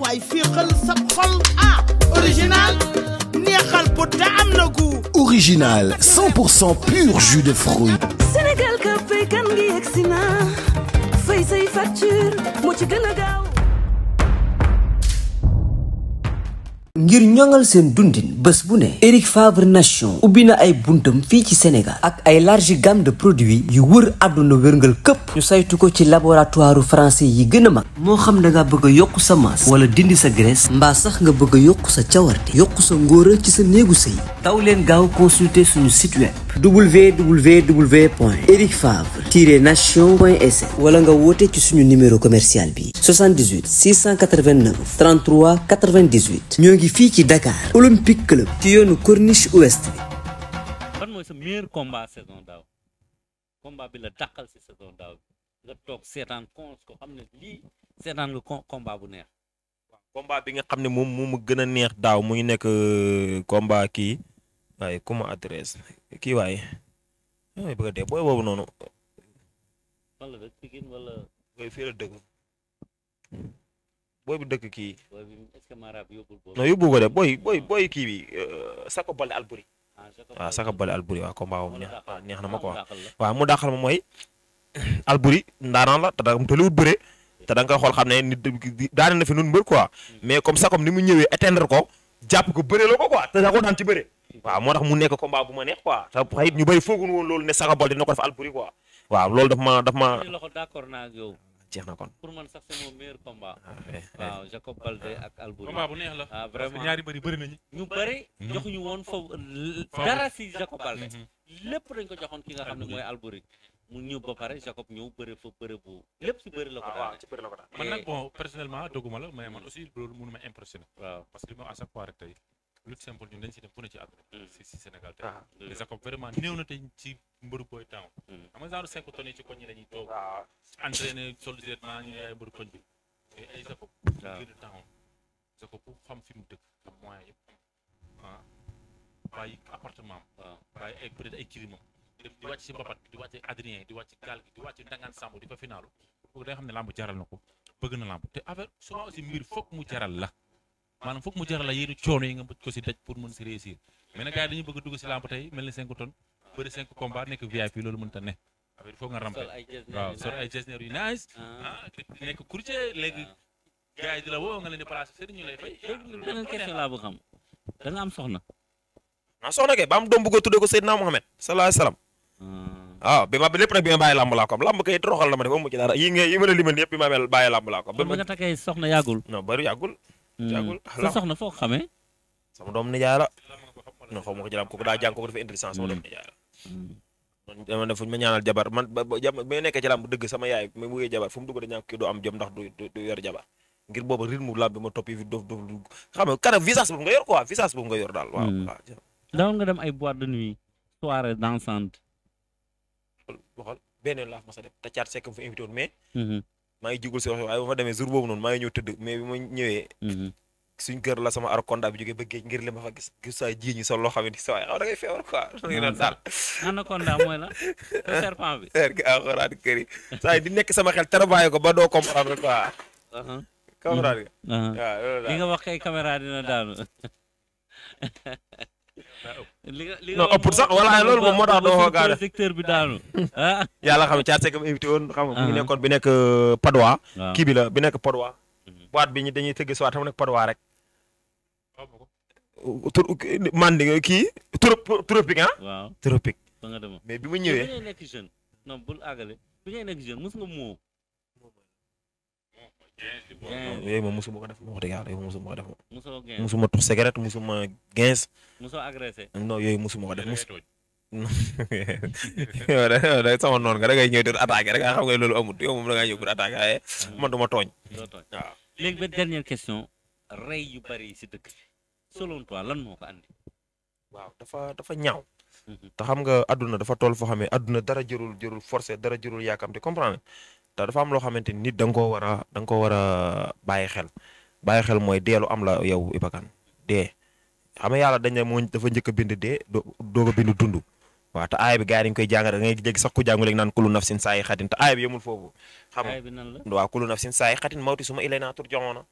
waay fii xal ah, original neexal bu te am na original pur jus de fruits Sénégal ka fay kan gi yegsi fay say facture ngir ñoŋal seen dundin bés bu ne Eric Favre Nation ubbi na ay buntam fii ci Sénégal ak ay large gamme de produits yu wër àdduna wërngal këpp ñu saytu ko ci laboratoire français yi gën a mag moo xam da nga bëgg a yokk sa masse wala dindi sa graisse mbaa sax nga bëgg yokk sa cawarte yokk sa ngóora ci sa néegu sëy daw leen gaaw consulter suñu site www point Eric Favre tiret nation point wala nga woote ci suñu numéro commercial bi 78 689 33 98 ñoo ngi fii ci Dakar Olympique Club ci yoonu Corniche Ouest bi ban mooy sa meilleur combat saison daaw combat bi la dàqal si saison daaw nga toog seetaan cons ko xam ne lii seetaan nga combat bu neex waaw combat bi nga xam ne moom moo ma gën a neex daaw muy nekk euh, combat kii waaye kuma adresse kii waaye mooy a dee booy boobu noonu. fan la dëkk Pikine wala. booy fii la dëkk. booy bi dëkk kii. booy bi est-ce que maraab yóbbul ko. non yóbbu ko de euh, ah, neex na ma ko waaw. mu dàqal ma mooy Albouri ndaanaan la te da nga tolluwut bëre te xool xam ne nit daane na fi nun mbër quoi hmm. mais comme Sakom ni mu ñëwee éteindre ko. jàpp ko bëre la ko quoi te daa ko daan ci bëre waaw moo tax mu nekk combat bu ma neex quoi te xëy ñu bëri foogun woon loolu ne Saka Baldé dina ko def Albouri quoi waaw loolu daf ma daf ma loxo d'accord naa ak yow jeex na kon pour man sax c'est mon meilleur combat ah, Jacob Baldé ak Albouri combat bu neex la ah vraiment ñaari bëri bëri nañu ñu bëri hmm. joxuñu woon foofu dara si Jacob Baldé hmm. lépp dañ ko joxoon ki nga xam ne mooy Albouri mu ñëw ba pare Jacob ñëw bëri fa bëri bu lépp si bëri la ko daal ci bëri la ko daal man nag bon personnellement dogguma la mais man mm. aussi loolu mënu ma impressionné parce que li ma à chaque fois rek tey lutte simple ñun dañ si dem fu ne ci àdduna mm. si si Sénégal tey te ah. mm. Jacob vraiment néew na tey ci mbëru booy temps xam nga genre cinq tonnes yi ci koñ ah. ñi dañuy toog entraîné soldier naa ñu ay mbëru koñ bi ay Jacob gën ah. a Jacob ku xam fi mu dëkk xam moyen yëpp ah bàyyi appartement am bàyyi ay di wàcc si mbapat di wàcc Adrien di wàcc gaal gi di wàcc ndangaan sàmb di ko finaalu kooku da nga xam ne làmb jaral na ko bëgg na làmb te affaire souvent aussi mbir foog mu jaral la maanaam foog mu jaral la yéen coono yi nga mën ko si daj pour mën si réussir mais nag gars yi dañu bëgg a dugg si làmb tey mel ni 5 tonnes bëri 5 combat nekk VIP loolu mënta ne ah. Ah, nekk courtier léegi gars di la woo nga leen di placé seen ñu lay fay beneen question laa bëgg xam da nga am soxna naa soxna waaw hmm. ah, bi ma lépp nag bi ma bàyyi lamb laa ko am lamb kay toroxal na ma def amu ci dara yi nga yi la limal lamb laa ba nga takkee soxna yàggul. non bari yàggul. Hmm. yàggul sa soxna foo ko xamee. Hmm. ma ñaanal jabar ba ba ma nekkee ci lamb dëgg sama yaay ma wuyee jabar fu mu dugg dañu kii doo am jom ndax du yor jabar ngir booba rythme lamb ma topp yi dof dof xam daal. nga dem ay boîte de nuit soirée dansante waxal beneen laa ma sa def te caat sekk mu fa invité woon mhm. maa ngi jigul si wax waaye ba ma demee jour boobu noonu maa ngi ñëw tëdd mais bi ma ñëwee mhm. suñ kër la sama arakonda bi jógee ba géej ngir li ma fa gis gis saa ji ñi sol loo xamante ni sa waay xaw da ngay feebar quoi ah, danga daal mooy la serpent bi alxuraan kër yi di nekk sama xel travaillé ko ba doo comprendre quoi mhm. comprendre nga waaw loolu daal li nga wax kay caméra dina daanu li nga ëpp sax wala loolu moom moo tax doo xoo gaale secteur bi daanu ah. yàlla xam caat sekk woon xam nga mu ngi ah. nekkoon bi nekk euh, Padois ah. kii bi la bi nekk Padois mhm. boîte bi ñu dañuy tëgg soir tam nekk Padois rek tur man di kii trop tropique ah waaw tropique mais bi ma ñëwee non bul àggale bi ngay nekk yooyu moom musuma ko def wax dëgg yàlla yooyu musuma ko def musuma tux cigarette musuma gens. musoo yooyu musuma ko def mus. yow sama noon nga da ngay ñëw di attaqué rek ah, xam nga loolu amut yow moom da ñëw pour attaqué waaye ah, eh. mm. man du tooñ. question rey yu bari si dëkk bi selon toi moo ko andi. dafa dafa ñaaw. Mm-hmm. te xam nga àdduna dafa tool foo xam ne àdduna dara jërul jërul forcé dara jërul yàkkamte comprendre te dafa am loo xamante ni nit da nga koo war a da nga koo bàyyi xel bàyyi xel mooy deelu am la yow i Kane dee xam nga yàlla dañ ne dafa njëkk bind de doog a bind dund waaw te aaya bi gars yi dañ koy jàngal da ngay dégg sax ku jàngu léegi naan kullu nafsin saa yi xatin te aaya bi yemul foofu. xam nga waaw kullu nafsin saa yi xatin mawti suma ilayna turjauna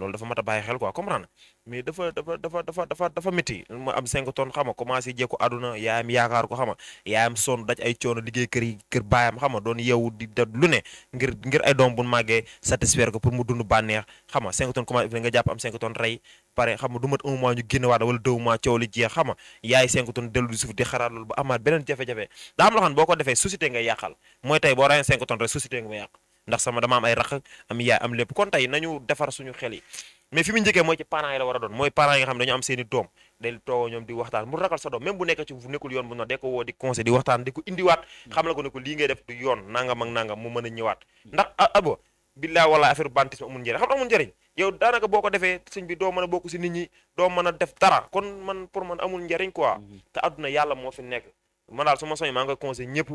loolu dafa mat a bàyyi xel quoi comprendre mais dafa dafa dafa dafa dafa dafa métti am 5 tonnes xama commencé jékku àdduna yaayam yaakaar ko xama yaayam sonn daj ay coono liggéey kër yi kër baayam xama doon yeewu di da lu ne ngir ngir ay bu màggee satisfaire ko pour mu dund bànneex xama 5 tonnes commencé nga jàpp am 5 tonnes rey pare xama du mat un mois ñu génn waat wala deux mois jeex xama yaay 5 tonnes dellu di suuf di xaraat loolu ba amaat beneen jafe-jafe daa am loo boo ko defee société nga yàqal mooy tey boo rayee 5 tonnes rek société nga ma yàq ndax sama dama am ay raq am yaay am lépp kon tey nañu defar suñu xel yi fi mu njëkkee mooy ci parents la war a doon mooy parents xam nekk ko woo di conseil di waxtaan di ko indiwaat xam la def du yoon nangam ak nangam mu mën a ñëwaat ndax ah, abo billaa wala affaire bantisme amul njëriñ xam amul njëriñ yow daanaka boo defee sëñ bi doo mën a bokk si nit ñi doo mën a def dara kon man pour man amul njëriñ quoi mhm. yàlla moo fi nekk man daal su maa ngi conseil ñëpp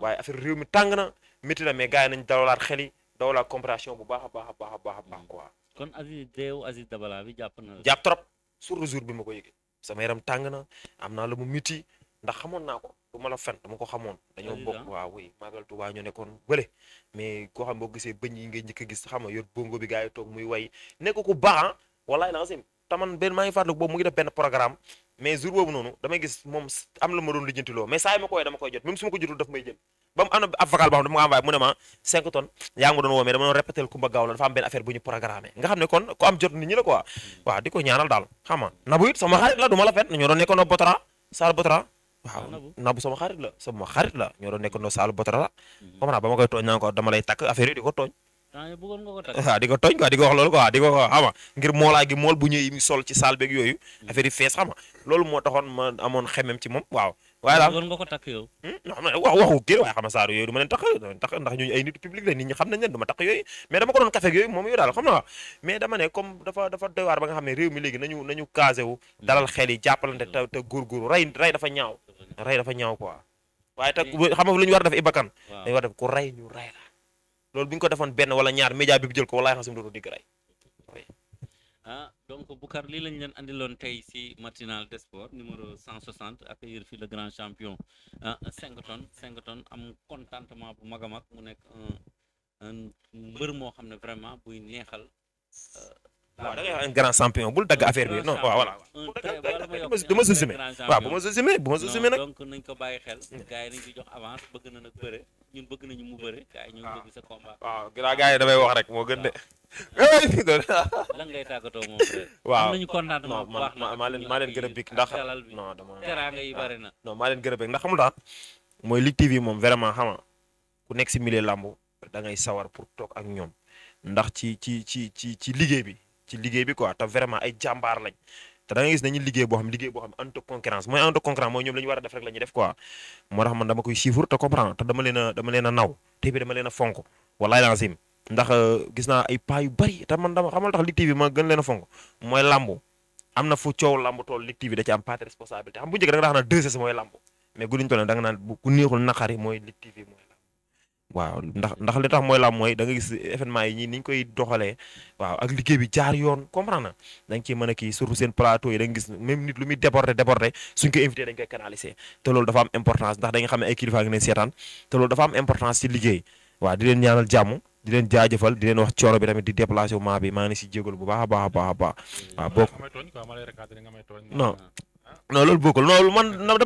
waaye affaire réew mi tàng miti na mais gars yi nañ dawalaat xel yi dawalaat bu baax a baax a baax a baax a baax quoi. kon bi trop sur jour bi ma ko yëgee sama yaram tàng na am naa lu mu miti ndax xamoon naa ko du ma la fen dama ko xamoon. dañoo bokk ah. waaw oui nekkoon boo gisee bëñ yi ngay njëkk a gis xam nga yor bongo bi gars yi toog muy way nekk ku baax ah. wallaay la nga taman benn maa ngi fàttaliku moom am ma doon ko jotul daf may jël ba mu am ab vocal boo xam dama ko am benn affaire bu ñu programmé nga xam ne kon ku am jot nit ñi la quoi waaw di ko ñaanal daal xam nga nabu it sama xarit la du ma la fen ñoo doon nekkoon Botara Sall Botara waaw nabu sama xarit la sama xarit a ñoo doon mhm. ma koy tooñ naa ko dama lay takk affaire yi di ko tooñ waaw di ko tooñ quoi di ko wax loolu quoi di ko xam nga ngir moolaa gi mool bu ñuy sol ci saal beeg yooyu mhm. affaire yi fees xam nga loolu moo taxoon ma amoon xemem ci moom waaw waaye daal war nga wax waxu kii waaye xama saaru yooyu ma leen takk ndax ñooñu ay nit public la nit ñi xam nañ leen du ma takk yooyu mais dama ko doon kafe yooyu moom yooyu daal xam na mais dama ne comme dafa dafa doy waar ba nga xam ne réew mi léegi nañu nañu dalal xel yi jàppalante te te dafa ñaaw rey dafa ñaaw quoi waaye te xam nga lu ñu war def ibakan dañu war def ku rey ñu rey la loolu bu ñu ko defoon benn wala ñaar média bi jël ko walaay xasum dootu digg rey ah donc Boucar lii lañ leen andiloon tey si matinal de sport numéro 160 accueillir fi le grand champion ah 5 tonnes 5 tonnes am contentement bu mag a mag mu nekk mbër moo xam ne vraiment buy neexal. Euh, waaw ah, da ngay grand champion bul dagg affaire bi non waaw voilà. du ma sous-estimé waaw bu ma sous-estimé bu nag. donc ko bàyyi xel. gars yi jox avance bëgg na nag bëre ñun bëgg nañu ñu ngi bëgg sa combat. Ah, waaw yi damay wax rek moo gën de. lan ngay tàggatoo moom frère. waaw am nañu contentement bu baax maa leen maa leen gën a ndax. non dama teraanga yi bari na. non maa leen gën a bég ndax mooy Lutte TV moom vraiment xama ku nekk si milieu làmb da ngay sawar pour toog ak ñoom ndax ci ci ci ci ci liggéey bi ci liggéey bi quoi te vraiment ay jàmbaar lañ te da gis nañu liggéey boo xam liggéey boo xam ante concurrence mooy ante concurrence mooy ñoom la ñu def rek la def quoi moo tax man dama koy chiffre te comprendre dama leen naw te bi dama leen a fonk wallaay lancim ndax euh, gis naa ay pas yu bari te man dama mooy làmb am na fu coow làmb tool Lutte TV da ci am part de responsabilité xam bu njëkk da nga na 2S mooy làmb mais guduñ toll waaw ndax ndax li tax mooy làmb mooy da gis événement yi ñi ni ñu koy doxalee waaw ak liggéey bi jaar yoon comprendre na da nga mën a kii surtout seen plateau yi da gis même nit lu muy déborder déborder suñ ko invité dañ koy canaliser te loolu dafa am importance ndax da nga xam ne kilifa ngi leen seetaan te loolu dafa am importance ci liggéey waaw di leen ñaanal jàmm di leen jaajëfal di leen wax coono bi tamit di déplacement bi maa ngi si jégalu bu baax a baax a a mm, non loolu bokkul non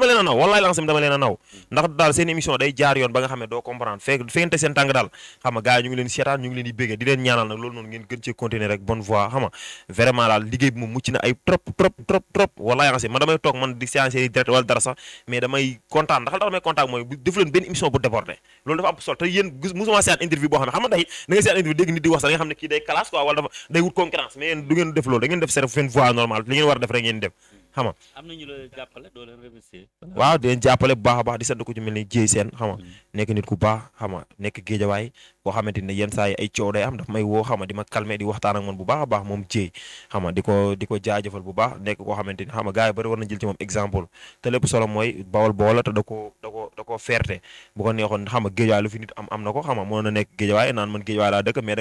dafa am solo te yéen musuma seet interview boo xam ne xam ne kii day classe quoi wala dafa day wut concurrence mais du ngeen def loolu da ngeen def seen voie normale li ngeen war a def rek ngeen def xam nga. am na ñu la jàppale doo leen remercier. waaw di jàppale baax a baax di sant ko ci mel ni jéey seen xam nga mm. nekk nit ku baax xam nga nekk géejawaay boo xamante ne yenn saa ay coow day am daf may woo xam nga di ma calmer di waxtaan ak man bu baax a baax moom jéey xam nga di ko di ko jaajëfal bu baax nekk koo xamante ni xam nga gars yi na jël ci moom exemple te lépp solo mooy bawol bawol la te da koo da koo da koo ferte bu ko neexoon xam géejawaay lu fi nit am am na ko xam nga mënoon na nekk géejawaay naan man géejawaay laa dëkk mais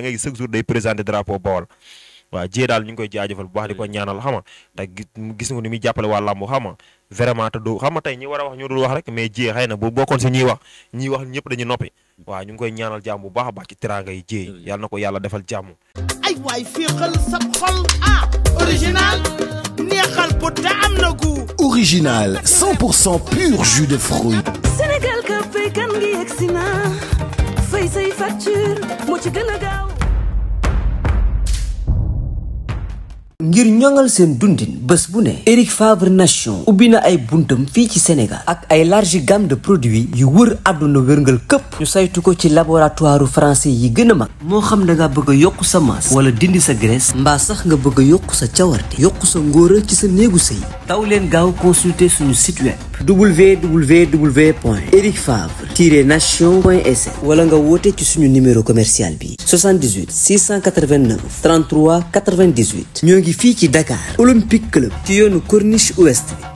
da waaw jiyee daal ñu ngi koy jaajëfal bu baax di ko ñaanal xama te gis nga ni muy jàppale waa làmb xama vraiment te du xama tey ñi war a wax ñoo dul wax rek mais jiyee xëy na bu si ñiy wax ñiy wax ñëpp dañuy noppi waaw ñu ngi koy ñaanal jàmm bu baax a baax ci teraanga yi jiyee yàlla na ko yàlla defal jàmm ay waay féexal sab xol ah original neexal bu te am na gu original 100 pour cent pur jus de fruits Sénégal ka fay kan ngi yegsi na fay say facture moo ci gën a ngir ñoŋal seen dundin bés bu ne Eric Favre Nation ubbi na ay buntam fii ci Sénégal ak ay large gamme de produits yu wër àdduna wërngal këpp ñu saytu ko ci laboratoire français yi gën a mag moo xam na nga bëgg a yokk sa masse wala dindi sa graisse mbaa sax nga bëgg a yokk sa cawarte yokk sa ngóora ci sa néegu sëy taw leen gaaw consulter suñu site web www.ericfavre-nation.sn wala nga woote ci suñu numéro commercial bi 78 689 33 98 ñoo ngi ngi fii ci Dakar Olympique Club ci yoonu Corniche Ouest bi